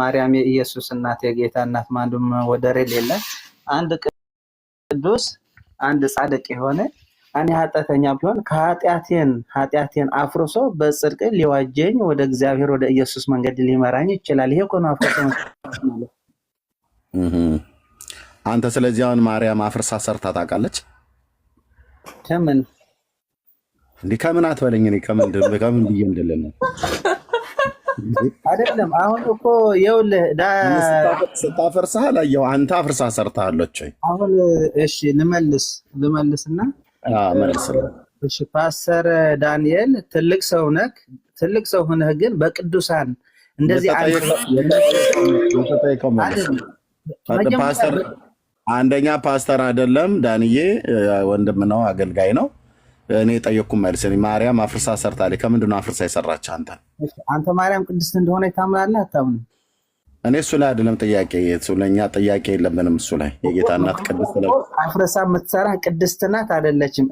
ማርያም የኢየሱስ እናት የጌታ እናት ማንም ወደር የሌለ አንድ ቅዱስ አንድ ጻድቅ የሆነ እኔ ኃጢአተኛ ቢሆን ከኃጢአቴን ኃጢአቴን አፍርሶ በጽድቅ ሊዋጀኝ ወደ እግዚአብሔር ወደ ኢየሱስ መንገድ ሊመራኝ ይችላል። ይሄ እኮ ነው አፍርሶ አንተ ስለዚህ አሁን ማርያም አፍርሳ ሰርታ ታውቃለች? ከምን እንዲህ ከምን አትበለኝ። ከምን ብዬ እንድልን ነው አይደለም አሁን እኮ ይኸውልህ ስታፈርሳህ ላየው አንተ አፍርሳህ ሰርታለች ወይ? አሁን እሺ ልመልስ ልመልስና መልስ። ፓስተር ዳንኤል ትልቅ ሰው ነህ፣ ትልቅ ሰው ሆነህ ግን በቅዱሳን እንደዚህ አንደኛ ፓስተር አይደለም ዳንዬ፣ ወንድም ነው፣ አገልጋይ ነው። እኔ የጠየቅኩ መልስ ማርያም አፍርሳ ሰርታለች። ከምንድን አፍርሳ የሰራች? አንተ አንተ ማርያም ቅድስት እንደሆነ ታምናለህ አታምንም? እኔ እሱ ላይ አይደለም ጥያቄ፣ ለእኛ ጥያቄ የለብንም እሱ ላይ። የጌታ እናት ቅድስት አፍርሳ የምትሰራ ቅድስት ናት አይደለችም?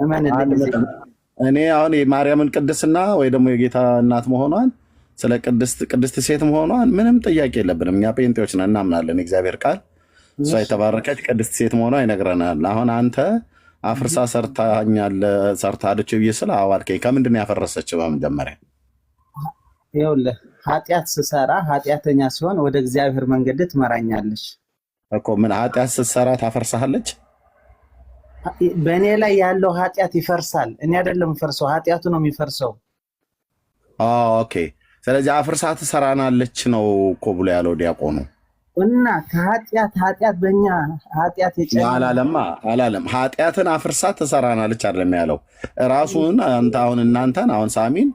እኔ አሁን የማርያምን ቅድስና ወይ ደግሞ የጌታ እናት መሆኗን ስለ ቅድስት ቅድስት ሴት መሆኗን ምንም ጥያቄ የለብንም። እኛ ጴንጤዎች ነን፣ እናምናለን። የእግዚአብሔር ቃል እሷ የተባረከች ቅድስት ሴት መሆኗ ይነግረናል። አሁን አንተ አፍርሳ ሰርታኛል ሰርታለች ብዬ ስለ አዋልከኝ። ከምንድን ነው ያፈረሰች? በመጀመሪያ ይኸውልህ ኃጢአት ስሰራ ኃጢአተኛ ሲሆን ወደ እግዚአብሔር መንገድ ትመራኛለች እኮ። ምን ኃጢአት ስሰራ ታፈርሳለች? በእኔ ላይ ያለው ኃጢአት ይፈርሳል። እኔ አይደለም ፈርሰው ኃጢአቱ ነው የሚፈርሰው። ኦኬ። ስለዚህ አፍርሳ ትሰራናለች ነው እኮ ብሎ ያለው ዲያቆኑ እና ከኃጢአት ኃጢአት በእኛ ኃጢአት አላለማ አላለም። ኃጢአትን አፍርሳ ትሰራናለች አይደለም ያለው ራሱን። አንተ አሁን እናንተን አሁን ሳሚን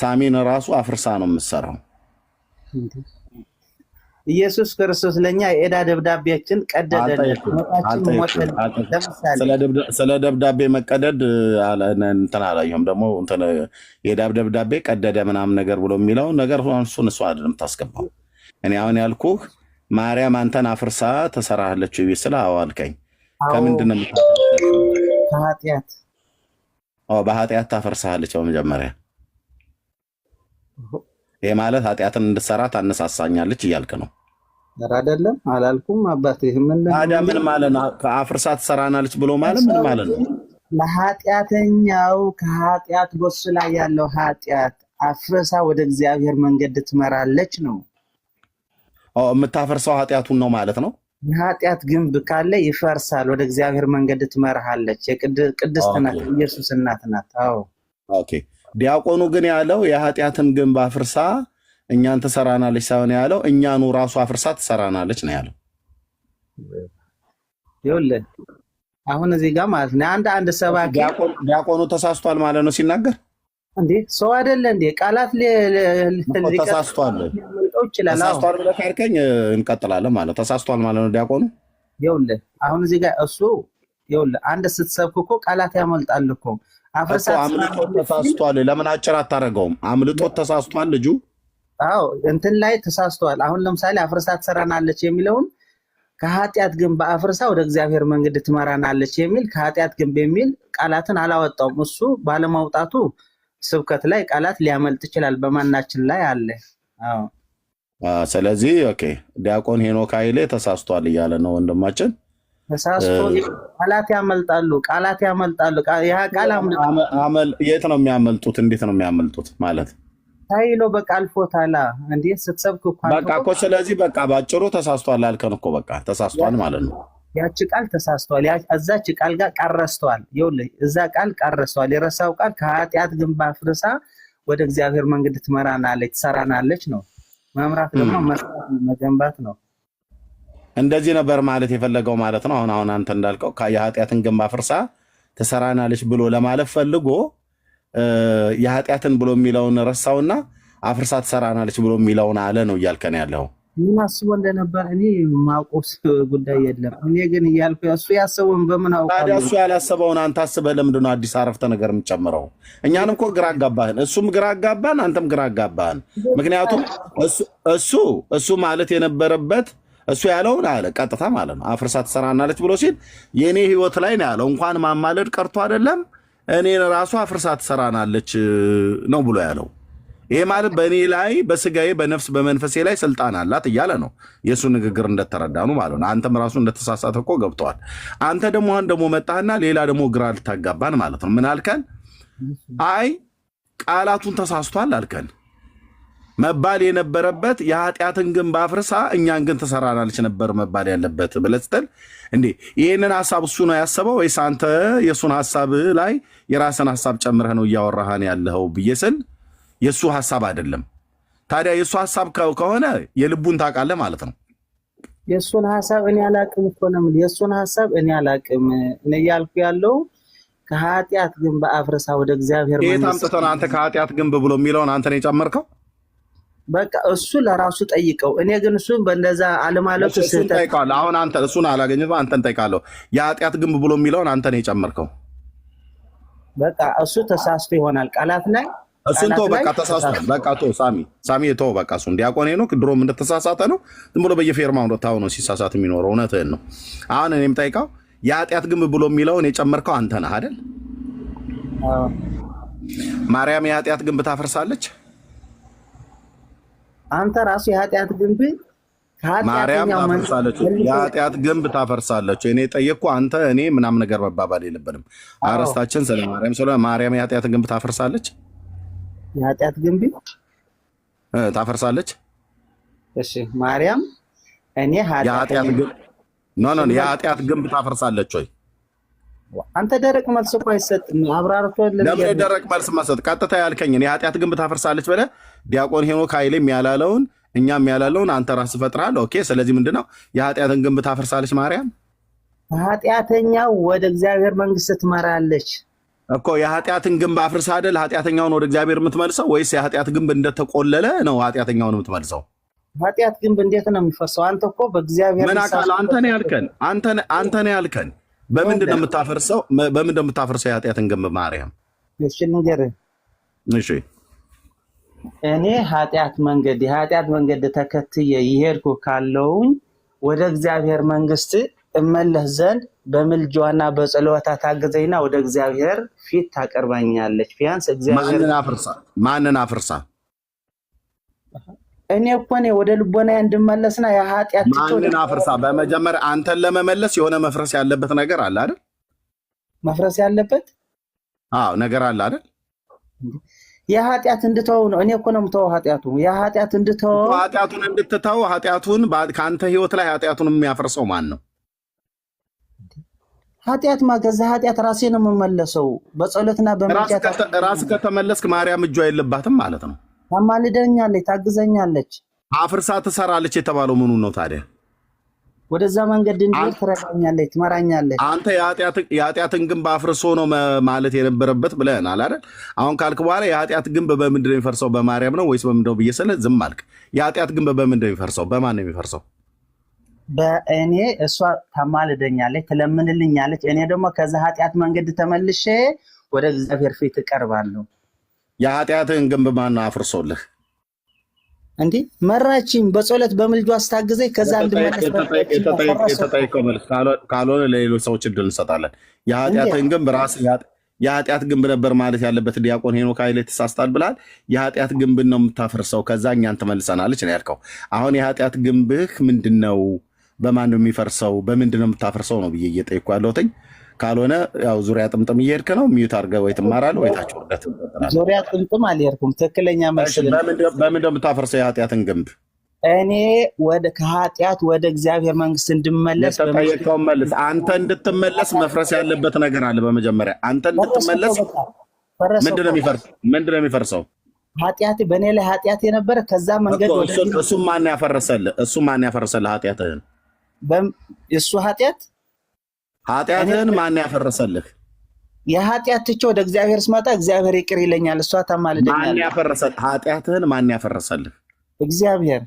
ሳሚን ራሱ አፍርሳ ነው የምትሰራው። ኢየሱስ ክርስቶስ ለእኛ የዕዳ ደብዳቤያችን ቀደደልን። ስለ ደብዳቤ መቀደድ እንትን አላየሁም። ደግሞ የዕዳ ደብዳቤ ቀደደ ምናምን ነገር ብሎ የሚለውን ነገር እሱን እሱ አይደለም ታስገባው። እኔ አሁን ያልኩህ ማርያም አንተን አፍርሳ ተሰራለች ቤት ስለ አዋልከኝ ከምንድን ነው በኃጢአት ታፈርሳሃለች። በመጀመሪያ ይህ ማለት ኃጢአትን እንድሰራ ታነሳሳኛለች እያልክ ነው አይደለም? አላልኩም አባት ታዲያ ምን ማለት ነው? ከአፍርሳ ትሰራናለች ብሎ ማለት ምን ማለት ነው? ለኃጢአተኛው ከኃጢአት በሱ ላይ ያለው ኃጢአት አፍርሳ ወደ እግዚአብሔር መንገድ ትመራለች ነው የምታፈርሰው ኃጢአቱን ነው ማለት ነው። የኃጢአት ግንብ ካለ ይፈርሳል። ወደ እግዚአብሔር መንገድ ትመርሃለች። ቅድስት ናት፣ ኢየሱስ እናት ናት። ኦኬ። ዲያቆኑ ግን ያለው የኃጢአትን ግንብ አፍርሳ እኛን ትሰራናለች ሳይሆን ያለው እኛኑ ራሱ አፍርሳ ትሰራናለች ነው ያለው። ይኸውልህ አሁን እዚህ ጋር ማለት ነው አንድ አንድ ሰባኪ ዲያቆኑ ተሳስቷል ማለት ነው ሲናገር እንዴ ሰው አይደለ እንዴ ቃላት ተሳስቷል ሊያውቀው ይችላል። ተሳስቷል ብለህ ካልከኝ እንቀጥላለን ማለት ተሳስቷል ማለት ነው። ዲያቆኑ ይኸውልህ አሁን እዚህ ጋር እሱ ይኸውልህ አንድ ስትሰብክ እኮ ቃላት ያመልጣል እኮ አምልጦት ተሳስቷል። ለምን አጭር አታደርገውም? ተሳስቷል ልጁ። አዎ እንትን ላይ ተሳስቷል። አሁን ለምሳሌ አፍርሳ ትሰራናለች የሚለውን ከኃጢአት ግንብ አፍርሳ ወደ እግዚአብሔር መንገድ ትመራናለች የሚል ከኃጢአት ግንብ የሚል ቃላትን አላወጣውም። እሱ ባለማውጣቱ ስብከት ላይ ቃላት ሊያመልጥ ይችላል። በማናችን ላይ አለ። አዎ ስለዚህ ኦኬ ዲያቆን ሄኖክ ኃይሌ ተሳስቷል እያለ ነው ወንድማችን። ቃላት ያመልጣሉ፣ ቃላት ያመልጣሉ። የት ነው የሚያመልጡት? እንዴት ነው የሚያመልጡት? ማለት ታይሎ በቃ አልፎታላ እንዴ ስትሰብክ በቃ እኮ ስለዚህ በቃ ባጭሩ ተሳስቷል አልከን እኮ በቃ ተሳስቷል ማለት ነው። ያቺ ቃል ተሳስቷል። እዛች ቃል ጋር ቀረስተዋል። ይኸውልህ እዛ ቃል ቀረስተዋል። የረሳው ቃል ከኃጢአት ግንባ ፍርሳ ወደ እግዚአብሔር መንገድ ትመራናለች፣ ትሰራናለች ነው መምራት ደግሞ መስራት መገንባት ነው። እንደዚህ ነበር ማለት የፈለገው ማለት ነው። አሁን አሁን አንተ እንዳልከው የኃጢአትን ግንብ አፍርሳ ትሰራናለች ብሎ ለማለፍ ፈልጎ የኃጢአትን ብሎ የሚለውን ረሳውና አፍርሳ ትሰራናለች ብሎ የሚለውን አለ ነው እያልከን ያለው ምን አስቦ እንደነበር እኔ ማውቀው ጉዳይ የለም። እኔ ግን እያልኩ እሱ ያሰበውን በምን አውቃለሁ? ታዲያ እሱ ያላሰበውን አንተ አስበህ ለምንድን ነው አዲስ አረፍተ ነገር የምጨምረው? እኛንም እኮ ግራ አጋባህን፣ እሱም ግራ አጋባህን፣ አንተም ግራ አጋባህን። ምክንያቱም እሱ እሱ ማለት የነበረበት እሱ ያለውን አለ ቀጥታ ማለት ነው አፍርሳ ትሰራናለች ብሎ ሲል የእኔ ህይወት ላይ ነው ያለው። እንኳን ማማለድ ቀርቶ አይደለም እኔን ራሱ አፍርሳ ትሰራናለች ነው ብሎ ያለው ይሄ ማለት በእኔ ላይ በስጋዬ በነፍስ በመንፈሴ ላይ ስልጣን አላት እያለ ነው የእሱ ንግግር እንደተረዳኑ ማለት ነው። አንተም ራሱ እንደተሳሳተ እኮ ገብተዋል። አንተ ደግሞ አሁን ደግሞ መጣህና ሌላ ደግሞ ግራ ልታጋባን ማለት ነው። ምን አልከን? አይ ቃላቱን ተሳስቷል አልከን። መባል የነበረበት የኃጢአትን ግንብ አፍርሳ እኛን ግን ትሰራናለች ነበር መባል ያለበት ብለህ ስትል፣ እንዴ ይህንን ሀሳብ እሱ ነው ያሰበው ወይስ አንተ የእሱን ሀሳብ ላይ የራስን ሀሳብ ጨምረህ ነው እያወራህን ያለኸው ብዬ ስል የእሱ ሀሳብ አይደለም። ታዲያ የእሱ ሀሳብ ከሆነ የልቡን ታውቃለህ ማለት ነው። የእሱን ሀሳብ እኔ አላቅም እኮ ነው የምልህ። የእሱን ሀሳብ እኔ አላቅም። እያልኩ ያለው ከኃጢአት ግንብ አፍርሳ ወደ እግዚአብሔር ይሄ ታምጥተን አንተ ከኃጢአት ግንብ ብሎ የሚለውን አንተ ነው የጨመርከው። በቃ እሱ ለራሱ ጠይቀው። እኔ ግን እሱ በእንደዛ አለማለቱ ስጠይቀዋል። አሁን አንተ እሱን አላገኘሁም፣ አንተን ጠይቃለሁ። የኃጢአት ግንብ ብሎ የሚለውን አንተ ነው የጨመርከው። በቃ እሱ ተሳስቶ ይሆናል ቃላት ላይ እሱን ተው በቃ ተሳስቷል። በቃ ተው ሳሚ ሳሚ ተው በቃ እሱን ዲያቆን ነው። ድሮም እንደተሳሳተ ነው። ዝም ብሎ በየፌርማታው ነው ሲሳሳት የሚኖረው። እውነትህን ነው። አሁን እኔም ጠይቀው የኃጢአት ግንብ ብሎ የሚለውን የጨመርከው አንተ ነህ አይደል? ማርያም የኃጢአት ግንብ ታፈርሳለች። አንተ ራሱ የኃጢአት ግንብ ማርያም ታፈርሳለች፣ የኃጢአት ግንብ ታፈርሳለች። እኔ ጠየቅኩ አንተ እኔ ምናምን ነገር መባባል የለብንም። አረስታችን ስለ ማርያም ስለ ማርያም የኃጢአት ግንብ ታፈርሳለች የኃጢአት ግንቢ ታፈርሳለች። እሺ ማርያም እኔ የኃጢአት ግንብ ታፈርሳለች ወይ? አንተ ደረቅ መልስ እኮ አይሰጥም። አብራርቶ ለምን ደረቅ መልስ መሰጥ? ቀጥታ ያልከኝን የኃጢአት ግንብ ታፈርሳለች ብለህ ዲያቆን ሄኖክ ኃይሌም የሚያላለውን እኛ የሚያላለውን አንተ ራስ ፈጥራል። ኦኬ። ስለዚህ ምንድን ነው የኃጢአትን ግንብ ታፈርሳለች ማርያም? ኃጢአተኛው ወደ እግዚአብሔር መንግስት ትመራለች። እኮ የኃጢአትን ግንብ አፍርሳ አይደል ኃጢአተኛውን ወደ እግዚአብሔር የምትመልሰው? ወይስ የኃጢአት ግንብ እንደተቆለለ ነው ኃጢአተኛውን የምትመልሰው? ኃጢአት ግንብ እንዴት ነው የሚፈርሰው? አንተ እኮ በእግዚአብሔር ምን አካል አንተ ነው ያልከን፣ አንተ ነው ያልከን። በምንድን ነው የምታፈርሰው? በምንድን ነው የምታፈርሰው የኃጢአትን ግንብ ማርያም? እሺ ንገረኝ። እሺ እኔ ኃጢአት መንገድ የኃጢአት መንገድ ተከትዬ ይሄድኩ ካለውኝ ወደ እግዚአብሔር መንግስት እመለስ ዘንድ በምልጇና በጸሎታ ታግዘኝና ወደ እግዚአብሔር ፊት ታቀርባኛለች። ቢያንስ እግዚአብሔር ማንን አፍርሳ እኔ እኮ እኔ ወደ ልቦና እንድመለስና የኃጢአት ማንን አፍርሳ። በመጀመሪያ አንተን ለመመለስ የሆነ መፍረስ ያለበት ነገር አለ አይደል? መፍረስ ያለበት አዎ ነገር አለ አይደል? የኃጢአት እንድተው ነው። እኔ እኮ ነው የምተወው ኃጢአቱ። የኃጢአት እንድተው ኃጢአቱን እንድትተው ኃጢአቱን ከአንተ ህይወት ላይ ኃጢአቱን የሚያፈርሰው ማን ነው? ኃጢአት ማገዝ ኃጢአት ራሴ ነው የምመለሰው። በጸሎትና በራስ ከተመለስክ ማርያም እጇ የለባትም ማለት ነው። ታማልደኛለች፣ ታግዘኛለች፣ አፍርሳ ትሰራለች የተባለው ምኑ ነው ታዲያ? ወደዛ መንገድ እንዲሄድ ትረዳኛለች፣ ትመራኛለች። አንተ የኃጢአትን ግንብ አፍርሶ ነው ማለት የነበረበት ብለህናል አይደል? አሁን ካልክ በኋላ የኃጢአት ግንብ በምንድን ነው የሚፈርሰው? በማርያም ነው ወይስ በምንድን ነው ብዬ ስልህ ዝም አልክ። የኃጢአት ግንብ በምንድን ነው የሚፈርሰው? በማን ነው የሚፈርሰው? በእኔ እሷ ተማልደኛለች፣ ትለምንልኛለች። እኔ ደግሞ ከዛ ኃጢአት መንገድ ተመልሼ ወደ እግዚአብሔር ፊት እቀርባለሁ። የኃጢአትህን ግንብ ማን አፍርሶልህ? እንዲህ መራችኝ፣ በጸሎት በምልጃዋ አስታግዘኝ። ከዛ እንድመለስየተጠየቀው መልስ ካልሆነ ለሌሎች ሰዎች እድል እንሰጣለን። የኃጢአትህን ግንብ ራስ የኃጢአት ግንብ ነበር ማለት ያለበት ዲያቆን ሄኖክ ኃይሌ ተሳስታል ብላል። የኃጢአት ግንብን ነው የምታፈርሰው፣ ከዛ እኛን ትመልሰናለች ነው ያልከው። አሁን የኃጢአት ግንብህ ምንድን ነው? በማን ነው የሚፈርሰው? በምንድን ነው የምታፈርሰው ነው ብዬ እየጠየኩ ያለሁትኝ። ካልሆነ ያው ዙሪያ ጥምጥም እየሄድክ ነው። ሚዩት አድርገህ ወይ ትማራለህ ወይ ታች ዙሪያ ጥምጥም አልሄድኩም። ትክክለኛ መልስ በምንድን ነው የምታፈርሰው የኃጢአትን ግንብ? እኔ ወደ ከኃጢአት ወደ እግዚአብሔር መንግስት እንድመለስ ተጠየቀውን መልስ። አንተ እንድትመለስ መፍረስ ያለበት ነገር አለ። በመጀመሪያ አንተ እንድትመለስ ምንድን ነው የሚፈርሰው? ኃጢአት በእኔ ላይ ኃጢአት የነበረ ከዛ መንገድ እሱ ማን ያፈረሰልህ? እሱ ማን ያፈረሰልህ ኃጢአትህን የእሱ ኃጢአት ኃጢአትህን ማን ያፈረሰልህ? የኃጢአት ትቼ ወደ እግዚአብሔር ስመጣ እግዚአብሔር ይቅር ይለኛል፣ እሷ ታማልደኛለች። ኃጢአትህን ማን ያፈረሰልህ? እግዚአብሔር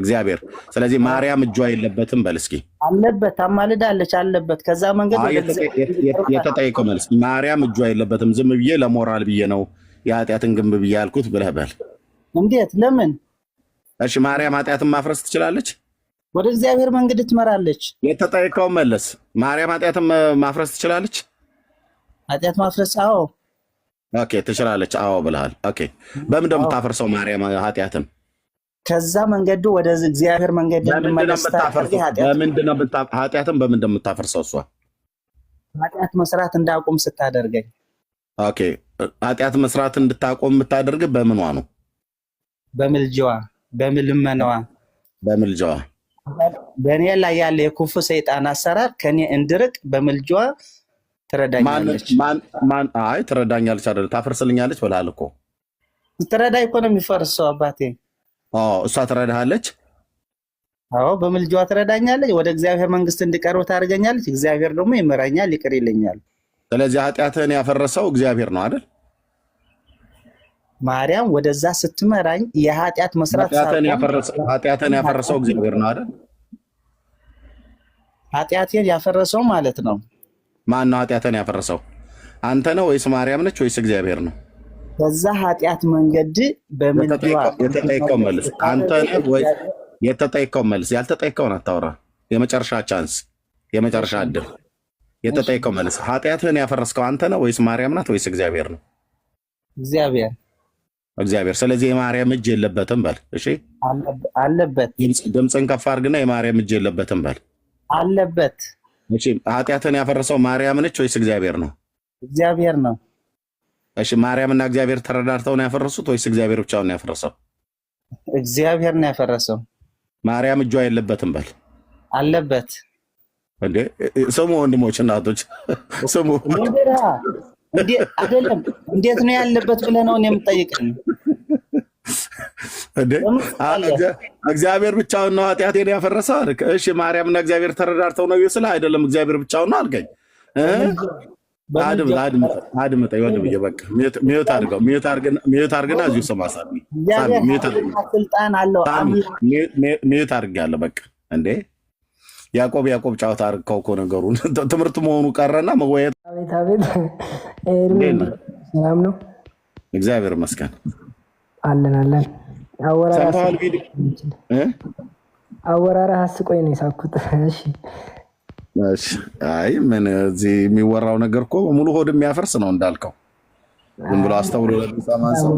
እግዚአብሔር። ስለዚህ ማርያም እጇ የለበትም በል እስኪ። አለበት፣ ታማልዳለች፣ አለበት። ከዛ መንገድ የተጠየቀው መልስ ማርያም እጇ የለበትም። ዝም ብዬ ለሞራል ብዬ ነው የኃጢአትን ግንብ ብዬ ያልኩት ብለህ በል። እንዴት? ለምን? እሺ ማርያም ኃጢአትን ማፍረስ ትችላለች? ወደ እግዚአብሔር መንገድ ትመራለች። የተጠየቀውን መለስ። ማርያም ኃጢአትን ማፍረስ ትችላለች? ኃጢአት ማፍረስ? አዎ ኦኬ፣ ትችላለች። አዎ ብለሃል። ኦኬ፣ በምን ታፈርሰው ማርያም ኃጢአትን? ከዛ መንገዱ ወደ እግዚአብሔር መንገድ ኃጢአትን በምን እንደምታፈርሰው እሷ ኃጢአት መስራት እንዳቁም ስታደርገኝ። ኦኬ፣ ኃጢአት መስራት እንድታቆም የምታደርግ በምኗ ነው? በምልጃዋ፣ በምልመናዋ፣ በምልጃዋ በእኔ ላይ ያለ የክፉ ሰይጣን አሰራር ከኔ እንድርቅ በምልጇ ትረዳኛለች። አይ ትረዳኛለች አይደለ ታፈርስልኛለች ብላል እኮ ትረዳ እኮ ነው የሚፈርሰው አባቴ። እሷ ትረዳሃለች። አዎ በምልጇ ትረዳኛለች። ወደ እግዚአብሔር መንግስት እንድቀርብ ታደርገኛለች። እግዚአብሔር ደግሞ ይመራኛል፣ ይቅር ይለኛል። ስለዚህ ኃጢአትህን ያፈረሰው እግዚአብሔር ነው አይደል? ማርያም ወደዛ ስትመራኝ የኃጢአት መስራት ኃጢአትን ያፈረሰው እግዚአብሔር ነው አይደል? ኃጢአቴን ያፈረሰው ማለት ነው። ማን ነው ኃጢአትን ያፈረሰው? አንተ ነው ወይስ ማርያም ነች ወይስ እግዚአብሔር ነው? በዛ ኃጢአት መንገድ በምንየተጠይቀው መልስ አንተ የተጠይቀው መልስ ያልተጠይቀውን አታውራ። የመጨረሻ ቻንስ፣ የመጨረሻ እድል። የተጠይቀው መልስ ኃጢአትን ያፈረስከው አንተ ነው ወይስ ማርያም ናት ወይስ እግዚአብሔር ነው? እግዚአብሔር እግዚአብሔር ስለዚህ የማርያም እጅ የለበትም በል። እሺ አለበት። ድምፅን ከፍ አድርግና የማርያም እጅ የለበትም በል። አለበት። እሺ ኃጢአትን ያፈረሰው ማርያም ነች ወይስ እግዚአብሔር ነው? እግዚአብሔር ነው። እሺ ማርያምና እግዚአብሔር ተረዳድተው ነው ያፈረሱት ወይስ እግዚአብሔር ብቻውን ነው ያፈረሰው? እግዚአብሔር ነው ያፈረሰው። ማርያም እጇ የለበትም በል። አለበት። እንዴ ስሙ ወንድሞች እናቶች ስሙ አይደለም እንዴት ነው ያለበት ብለህ ነው የምጠይቀኝ? እግዚአብሔር ብቻውን ነው ኃጢአቴን ያፈረሰ አልክ። እሺ ማርያምና እግዚአብሔር ተረዳርተው ነው ስለ አይደለም፣ እግዚአብሔር ብቻውን ነው አልገኝ። አድምጠ ሆን በቃ ሚዩት አድርገው ሚዩት አድርግና እዚሁ ስማ ሳሚ ሚዩት አድርጌያለሁ። በቃ እንዴ ያዕቆብ ያዕቆብ ጨዋታ አድርገው እኮ ነገሩን ትምህርት መሆኑ ቀረና መወየት አቤት አቤት። ሰላም ነው? እግዚአብሔር ይመስገን አለን አለን። አወራራህ አስቆኝ ነው የሳኩት። አይ ምን እዚህ የሚወራው ነገር እኮ ሙሉ ሆድ የሚያፈርስ ነው እንዳልከው ዝም ብሎ አስተውሎ ለሚሰማን ሰው።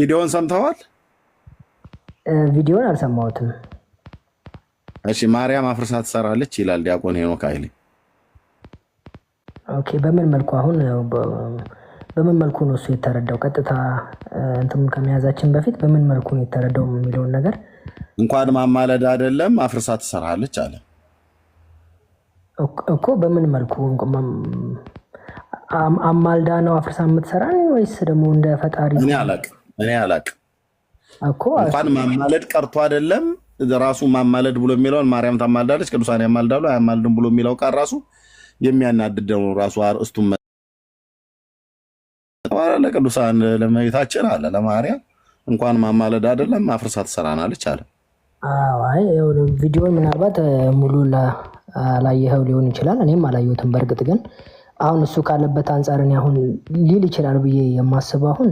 ቪዲዮውን ሰምተዋል? ቪዲዮውን አልሰማሁትም። እሺ ማርያም አፍርሳ ትሰራለች ይላል ዲያቆን ሄኖክ ኃይሌ። ኦኬ በምን መልኩ አሁን በምን መልኩ ነው እሱ የተረዳው? ቀጥታ እንትም ከመያዛችን በፊት በምን መልኩ ነው የተረዳው የሚለውን ነገር እንኳን ማማለድ አይደለም አፍርሳ ትሰራለች አለ እኮ። በምን መልኩ አማልዳ ነው አፍርሳ የምትሰራ ወይስ ደግሞ እንደ ፈጣሪ? እኔ አላቅም እኔ አላቅም እንኳን ማማለድ ቀርቶ አይደለም ራሱ ማማለድ ብሎ የሚለውን ማርያም ታማልዳለች፣ ቅዱሳን ያማልዳሉ አያማልድም ብሎ የሚለው ቃል ራሱ የሚያናድድ ነው። ራሱ አርእስቱን ለቅዱሳን ለመቤታችን አለ ለማርያም እንኳን ማማለድ አይደለም ማፍርሳ ትሰራናለች አለ። ቪዲዮን ምናልባት ሙሉ ላየኸው ሊሆን ይችላል። እኔም አላየሁትም። በእርግጥ ግን አሁን እሱ ካለበት አንጻር እኔ አሁን ሊል ይችላል ብዬ የማስበው አሁን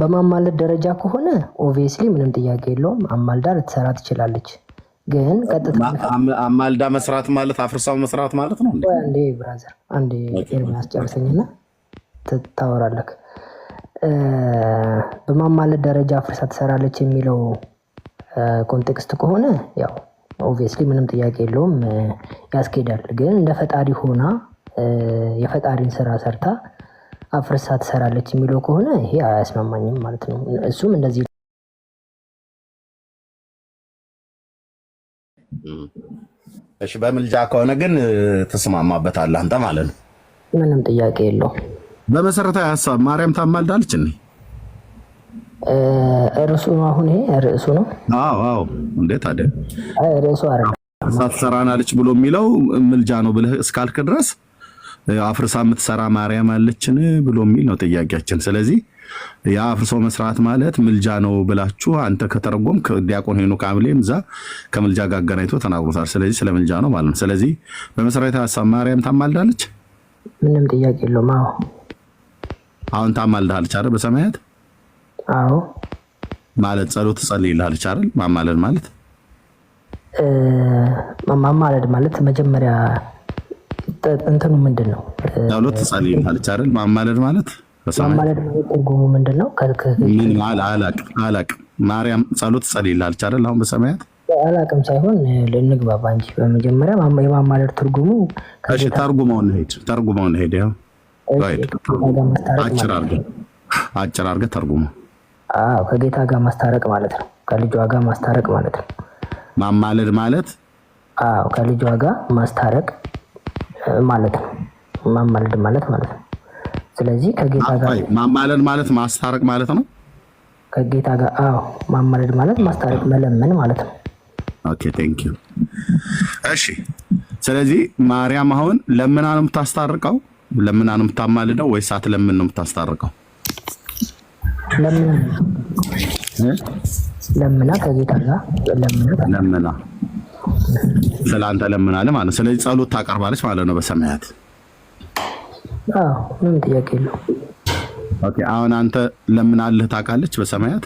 በማማለድ ደረጃ ከሆነ ኦቪየስሊ ምንም ጥያቄ የለውም። አማልዳ ልትሰራ ትችላለች። ግን አማልዳ መስራት ማለት አፍርሳው መስራት ማለት ነው። አንዴ ብራዘር፣ አንዴ ኤርሚያስ ጨርሰኝና ትታወራለክ። በማማለድ ደረጃ አፍርሳ ትሰራለች የሚለው ኮንቴክስት ከሆነ ያው ኦብቪየስሊ ምንም ጥያቄ የለውም ያስኬዳል። ግን እንደ ፈጣሪ ሆና የፈጣሪን ስራ ሰርታ አፍርሳ ትሰራለች የሚለው ከሆነ ይሄ አያስማማኝም ማለት ነው። እሱም እንደዚህ እሺ በምልጃ ከሆነ ግን ትስማማበታለህ አንተ ማለት ነው። ምንም ጥያቄ የለው። በመሰረታዊ ሀሳብ ማርያም ታማልዳለች። እኔ ርዕሱ ነው አሁን ይሄ ርዕሱ ነው። አዎ አዎ። እንዴት አደ ርዕሱ አረ ሳትሰራናለች ብሎ የሚለው ምልጃ ነው ብለህ እስካልክ ድረስ አፍርሳ የምትሰራ ማርያም አለችን ብሎ የሚል ነው ጥያቄያችን። ስለዚህ የአፍርሶ መስራት ማለት ምልጃ ነው ብላችሁ አንተ ከተረጎም ዲያቆን ሄኖክ አምሌም እዛ ከምልጃ ጋር አገናኝቶ ተናግሮታል። ስለዚህ ስለ ምልጃ ነው ማለት ነው። ስለዚህ በመሰረታዊ ሀሳብ ማርያም ታማልዳለች፣ ምንም ጥያቄ የለውም። አዎ አሁን ታማልዳለች አይደል? በሰማያት አዎ ማለት ጸሎት ትጸልይልሃለች አይደል? ማማለድ ማለት ማማለድ ማለት መጀመሪያ እንትኑ ምንድን ነው? ጸሎት ትጸልያለች አይደል? ማማለድ ማለት ማማለድ ማለት ትርጉሙ ምንድን ነው? ምን አላቅም ማርያም ጸሎት ትጸልያለች አይደል? አሁን በሰማያት አላቅም ሳይሆን ልንግባባ እንጂ በመጀመሪያ የማማለድ ትርጉሙ ተርጉመውን ሄድ ተርጉመውን ሄድ ያው አጭር አድርገህ አጭር ከጌታ ጋር ማስታረቅ ማለት ነው። ከልጇ ጋር ማስታረቅ ማለት ነው። ማማለድ ማለት ከልጇ ጋር ማስታረቅ ማለት ነው። ማማለድ ማለት ማለት ነው። ስለዚህ ከጌታ ጋር ማማለድ ማለት ማስታረቅ ማለት ነው። ከጌታ ጋር አዎ፣ ማማለድ ማለት ማስታረቅ፣ መለመን ማለት ነው። ኦኬ ቴንክ ዩ። እሺ፣ ስለዚህ ማርያም አሁን ለምና ነው የምታስታርቀው? ለምና ነው የምታማልደው ወይስ ለምን ነው የምታስታርቀው? ለምና ከጌታ ጋር ለምና ስለ አንተ ለምናለ ማለት ስለዚህ ጸሎት ታቀርባለች ማለት ነው በሰማያት ምን ጥያቄ አሁን አንተ ለምናልህ ታውቃለች በሰማያት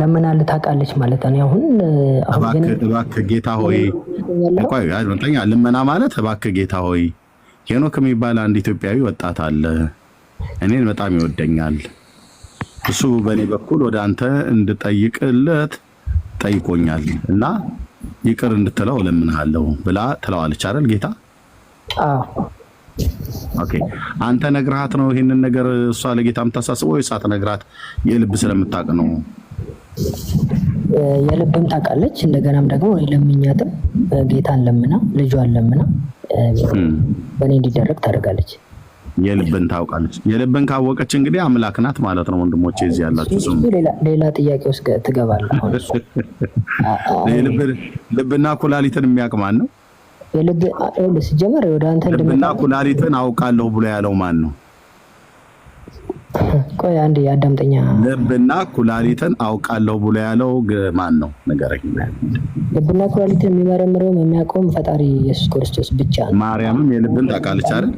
ለምናልህ ታውቃለች ማለት ነው። አሁን እባክህ ጌታ ሆይ ልመና ማለት እባክህ ጌታ ሆይ ሄኖክ የሚባል አንድ ኢትዮጵያዊ ወጣት አለ እኔን በጣም ይወደኛል እሱ በእኔ በኩል ወደ አንተ እንድጠይቅለት ጠይቆኛል እና ይቅር እንድትለው እለምንሃለሁ ብላ ትለዋለች አይደል ጌታ? ኦኬ አንተ ነግርሃት ነው ይሄንን ነገር እሷ ለጌታ የምታሳስበው ወይስ ሳትነግራት የልብ ስለምታውቅ ነው? የልብም ታውቃለች። እንደገናም ደግሞ ለምኛትም ጌታን ለምና ልጇን ለምና በእኔ እንዲደረግ ታደርጋለች። የልብን ታውቃለች። የልብን ካወቀች እንግዲህ አምላክ ናት ማለት ነው። ወንድሞቼ እዚህ ያላችሁ ሌላ ጥያቄ ውስጥ ትገባለህ። ልብና ኩላሊትን የሚያውቅ ማን ነው? ሲጀመር ወደ አንተ ልብና ኩላሊትን አውቃለሁ ብሎ ያለው ማን ነው? ቆይ አንድ የአዳምጠኛ ልብና ኩላሊትን አውቃለሁ ብሎ ያለው ማን ነው? ንገረኝ። ልብና ኩላሊትን የሚመረምረውም የሚያውቀውም ፈጣሪ ኢየሱስ ክርስቶስ ብቻ ነው። ማርያምም የልብን ታውቃለች አይደል?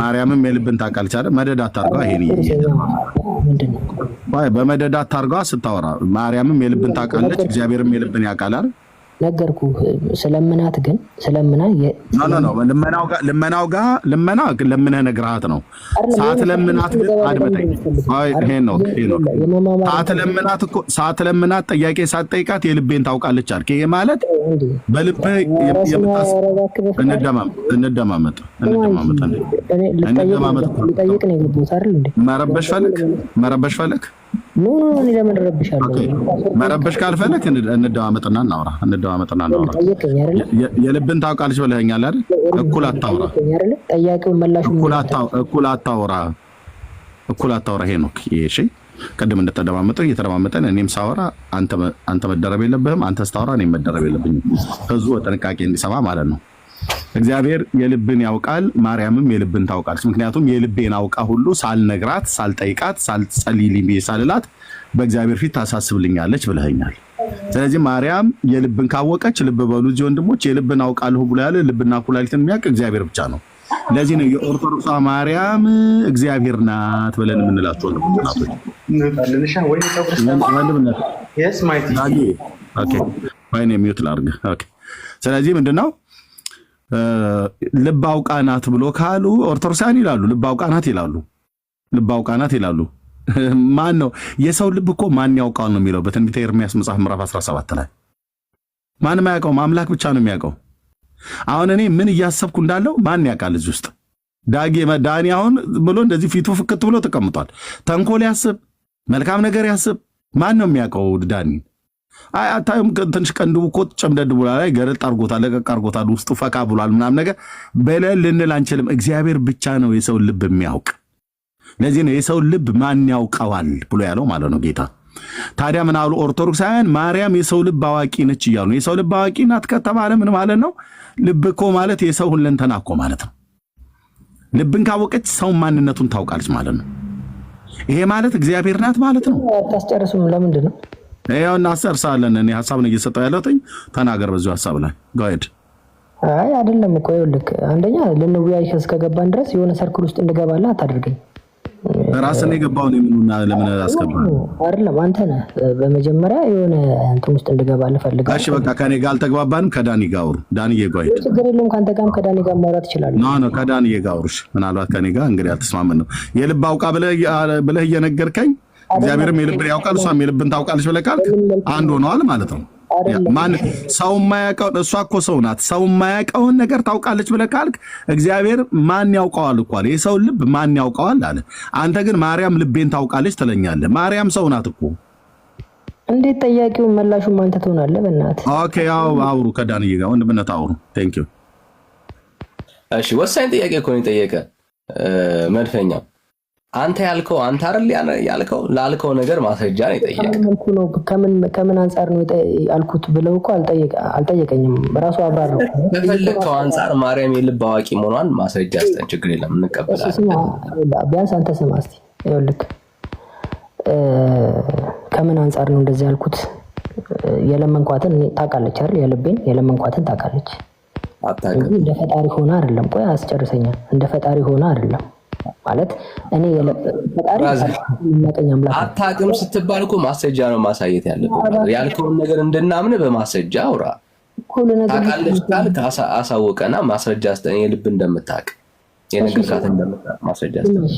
ማርያምም የልብን ታውቃለች አይደል? መደዳ ይሄን ይሄ በመደዳ ታርጓ ስታወራ ማርያምም የልብን ታውቃለች፣ እግዚአብሔርም የልብን ያውቃል አይደል? ነገርኩ ስለምናት ግን ስለምና ልመናው ጋር ልመና ለምነህ ነግርሃት ነው። ለምናት ግን አድመጠኝ ነው። ሳትለምናት ጥያቄ ሳትጠይቃት የልቤን ታውቃለች አልክ። ይሄ ማለት በልብህ እንደማመጥ እንደማመጥ እንደማመጥ መረበሽ ፈልግ መረበሽ ፈልግ ምን ኖ ኖ፣ ለምን ረብሻለሁ? መረበሽ ካልፈለክ እንደዋመጥና እናውራ፣ እንደዋመጥና እናውራ። የልብን ታውቃለች ብለኸኛል አይደል? እኩል አታውራ፣ ጠያቂውን መላሹ እኩል አታውራ፣ እኩል አታውራ። ሄኖክ እሺ፣ ቅድም እንደተደማመጠ እየተደማመጠን እኔም ሳወራ አንተ መደረብ የለብህም፣ አንተ ስታወራ እኔም መደረብ የለብኝም። ህዝቡ በጥንቃቄ እንዲሰማ ማለት ነው። እግዚአብሔር የልብን ያውቃል፣ ማርያምም የልብን ታውቃለች። ምክንያቱም የልቤን አውቃ ሁሉ ሳልነግራት፣ ሳልጠይቃት፣ ሳልጸልይልኝ ብዬ ሳልላት በእግዚአብሔር ፊት ታሳስብልኛለች ብለኛል። ስለዚህ ማርያም የልብን ካወቀች ልብ በሉ እዚህ ወንድሞች፣ የልብን አውቃለሁ ብሎ ያለ ልብና ኩላሊትን የሚያውቅ እግዚአብሔር ብቻ ነው። ለዚህ ነው የኦርቶዶክሷ ማርያም እግዚአብሔር ናት ብለን የምንላቸው ወንድሞች ናቶች። ሚዩት ላድርግ። ስለዚህ ምንድን ነው ልብ አውቃናት ብሎ ካሉ ኦርቶዶክሳን ይላሉ። ልብ አውቃናት ይላሉ። ልብ አውቃናት ይላሉ። ማን ነው የሰው ልብ እኮ ማን ያውቃው ነው የሚለው በትንቢተ ኤርምያስ መጽሐፍ ምዕራፍ 17 ላይ ማንም አያውቀውም፣ አምላክ ብቻ ነው የሚያውቀው። አሁን እኔ ምን እያሰብኩ እንዳለው ማን ያውቃል? እዚህ ውስጥ ዳጌ ዳኒ አሁን ብሎ እንደዚህ ፊቱ ፍክት ብሎ ተቀምጧል። ተንኮል ያስብ፣ መልካም ነገር ያስብ። ማን ነው የሚያውቀው ዳኒን? አታዩም? ትንሽ ቀንድቡ እኮ ጨምደድ ብሏል። ላይ ገረጥ አርጎታል፣ ለቀቅ አርጎታል፣ ውስጡ ፈካ ብሏል ምናምን ነገር በለ ልንል አንችልም። እግዚአብሔር ብቻ ነው የሰውን ልብ የሚያውቅ። ለዚህ ነው የሰው ልብ ማን ያውቀዋል ብሎ ያለው ማለት ነው ጌታ። ታዲያ ምን አሉ ኦርቶዶክሳውያን? ማርያም የሰው ልብ አዋቂ ነች እያሉ ነው። የሰው ልብ አዋቂ ናት ከተባለ ምን ማለት ነው? ልብ እኮ ማለት የሰው ሁለንተና እኮ ማለት ነው። ልብን ካወቀች ሰውን ማንነቱን ታውቃለች ማለት ነው። ይሄ ማለት እግዚአብሔር ናት ማለት ነው። አታስጨርሱም። ለምንድን ነው ይኸው እናሰርሳለን። እኔ ሀሳብ ነው እየሰጠው ያለትኝ። ተናገር በዚሁ ሀሳብ ላይ ጋይድ። አይ አይደለም እኮ ይኸውልህ፣ አንደኛ ልንወያይ እስከገባን ድረስ የሆነ ሰርክል ውስጥ እንድገባለህ አታደርገኝ። ራስን የገባውን የምንና ለምን አስገባለሁ? አይደለም አንተ ነህ በመጀመሪያ የሆነ እንትን ውስጥ እንድገባለህ ፈልጋለሁ። እሺ በቃ ከኔ ጋር አልተግባባንም። ከዳኒ ጋር አውሩ። ዳኒዬ ጋር ችግር የለውም። ከአንተ ጋርም ከዳኒ ጋር ማውራት እችላለሁ። ኖ ኖ፣ ከዳኒዬ ጋር አውሩ። ምናልባት ከኔ ጋር እንግዲህ አልተስማምን ነው የልብ አውቃ ብለህ እየነገርከኝ እግዚአብሔርም የልብን ያውቃል እሷም የልብን ታውቃለች ብለህ ካልክ አንድ ሆነዋል ማለት ነው። ማን ሰው የማያውቀውን እሷ እኮ ሰው ናት። ሰው የማያውቀውን ነገር ታውቃለች ብለህ ካልክ እግዚአብሔር ማን ያውቀዋል እኮ አለ። የሰው ልብ ማን ያውቀዋል አለ። አንተ ግን ማርያም ልቤን ታውቃለች ትለኛለህ። ማርያም ሰው ናት እኮ እንዴት ጠያቂው መላሹ ማንተ ትሆናለህ? በእናትህ ኦኬ። ያው አውሩ ከዳንዬ ጋር ወንድምነት አውሩ። ቴንክ ዩ። እሺ ወሳኝ ጥያቄ እኮ ነው የጠየቀ መድፈኛው አንተ ያልከው አንተ አይደል ያልከው ላልከው ነገር ማስረጃ ነው የጠየቀ። ከምን አንጻር ነው ያልኩት ብለው እኮ አልጠየቀኝም። በራሱ አብራር ነው ከፈለግከው አንጻር ማርያም የልብ አዋቂ መሆኗን ማስረጃ ስጠን፣ ችግር የለም እንቀበላለን። ቢያንስ አንተ ስማ እስኪ፣ ይኸውልህ ከምን አንጻር ነው እንደዚህ ያልኩት። የለመንኳትን ታውቃለች አይደል? የልቤን የለመንኳትን ታውቃለች። እንደ ፈጣሪ ሆነ አይደለም። ቆይ አስጨርሰኛል። እንደ ፈጣሪ ሆነ አይደለም ማለት እኔ አታውቅም ስትባል እኮ ማስረጃ ነው ማሳየት ያለብህ። ያልከውን ነገር እንድናምን በማስረጃ አውራ። ታውቃለች ካልክ አሳውቀና ማስረጃ ስጠኝ። የልብ እንደምታውቅ የነገርካት እንደምታውቅ ማስረጃ ስጠኝ።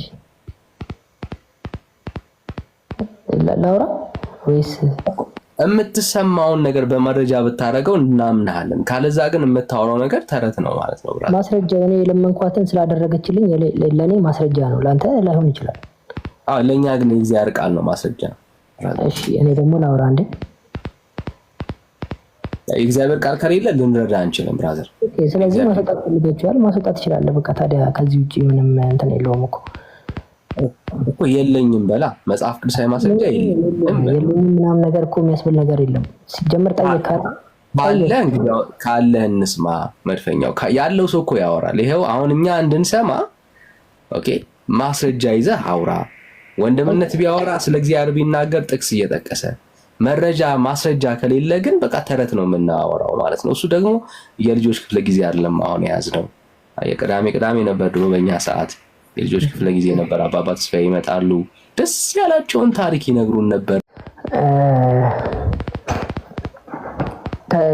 ላውራ ወይስ የምትሰማውን ነገር በመረጃ ብታደረገው እናምናለን። ካለዛ ግን የምታወራው ነገር ተረት ነው ማለት ነው። ማስረጃ እኔ የለመንኳትን ስላደረገችልኝ ለእኔ ማስረጃ ነው፣ ለአንተ ላይሆን ይችላል። ለእኛ ግን የጊዜ ያርቃል ነው ማስረጃ ነው። እኔ ደግሞ ላውራ እንዴ። የእግዚአብሔር ቃል ከሌለ ልንረዳ አንችልም ብራዘር። ስለዚህ ማስወጣት ፈልጋችኋል፣ ማስወጣት ይችላለ። በቃ ታዲያ ከዚህ ውጭ ምንም እንትን የለውም እኮ እኮ የለኝም በላ መጽሐፍ ቅዱሳዊ ማስረጃ ምናምን ነገር እኮ የሚያስብል ነገር የለም። ሲጀምር ጠየካ ባለ እንግዲህ እንስማ። መድፈኛው ያለው ሰው እኮ ያወራል። ይኸው አሁን እኛ እንድንሰማ ኦኬ፣ ማስረጃ ይዘህ አውራ። ወንድምነት ቢያወራ ስለ እግዚአብሔር ቢናገር ጥቅስ እየጠቀሰ መረጃ ማስረጃ ከሌለ ግን በቃ ተረት ነው የምናወራው ማለት ነው። እሱ ደግሞ የልጆች ክፍለ ጊዜ አይደለም አሁን የያዝነው የቅዳሜ ቅዳሜ ነበር ድሮ በእኛ ሰዓት የልጆች ክፍለ ጊዜ ነበር። አባባ ተስፋ ይመጣሉ። ደስ ያላቸውን ታሪክ ይነግሩን ነበር።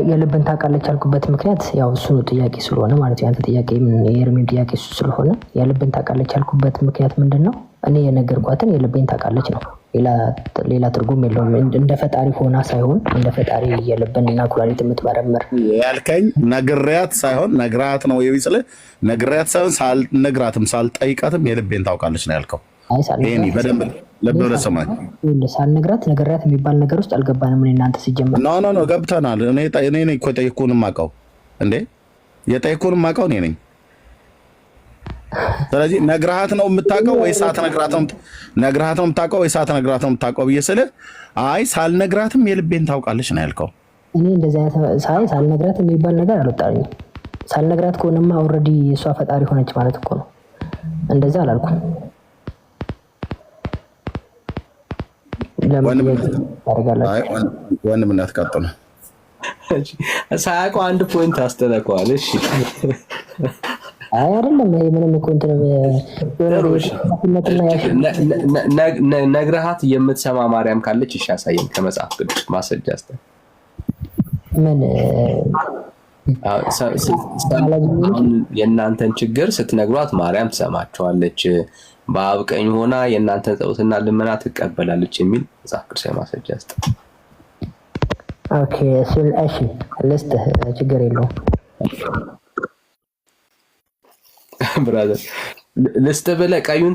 የልብን ታውቃለች ያልኩበት ምክንያት ያው እሱኑ ጥያቄ ስለሆነ ማለት ያንተ ጥያቄ የኤርሚም ጥያቄ ስለሆነ የልብን ታውቃለች ያልኩበት ምክንያት ምንድን ነው? እኔ የነገርኳትን የልቤን ታውቃለች ነው። ሌላ ትርጉም የለውም። እንደ ፈጣሪ ሆና ሳይሆን እንደ ፈጣሪ የልብን እና ኩላሊት የምትመረምር ያልከኝ ነግሪያት ሳይሆን ነግራት ነው የሚስል ነግሪያት ሳይሆን ሳልነግራትም ሳልጠይቃትም የልቤን ታውቃለች ነው ያልከው። በደንብ ልብ ብለህ ስማኝ። ሳልነግራት ነግሪያት የሚባል ነገር ውስጥ አልገባንም። እናንተ ሲጀምር ኖ ኖ ገብተናል። እኔ እኮ የጠየኩህን የማውቀው እንዴ የጠየኩህን የማውቀው እኔ ነኝ ስለዚህ ነግርሃት ነው የምታውቀው ወይስ ነግራት ነው? ነግርሃት ነው የምታውቀው ወይስ ነግራት ነው የምታውቀው ብዬ ስልህ አይ ሳልነግራትም የልቤን ታውቃለች ነው ያልከው። እኔ እንደዛ ሳይ ሳልነግራት የሚባል ነገር አልወጣልኝም። ሳልነግራት ከሆነማ ኦልሬዲ እሷ ፈጣሪ ሆነች ማለት እኮ ነው። እንደዛ አላልኩም። ወንድምነት ቀጥሎ ሳያውቀው አንድ ፖይንት አስጠነቀዋል። እሺ አይ አይደለም፣ ይሄ ምንም እኮ እንትን ነግረሃት የምትሰማ ማርያም ካለች እሺ አሳየን ከመጽሐፍ ቅዱስ ማስረጃ ስ ምን የእናንተን ችግር ስትነግሯት ማርያም ትሰማችኋለች፣ በአብ ቀኝ ሆና የእናንተ ጸውትና ልመና ትቀበላለች የሚል መጽሐፍ ቅዱስ ማስረጃ ስጠ። ኦኬ፣ እሺ ልስጥህ፣ ችግር የለውም። ብራዘር ልስጥ ብለህ ቀዩን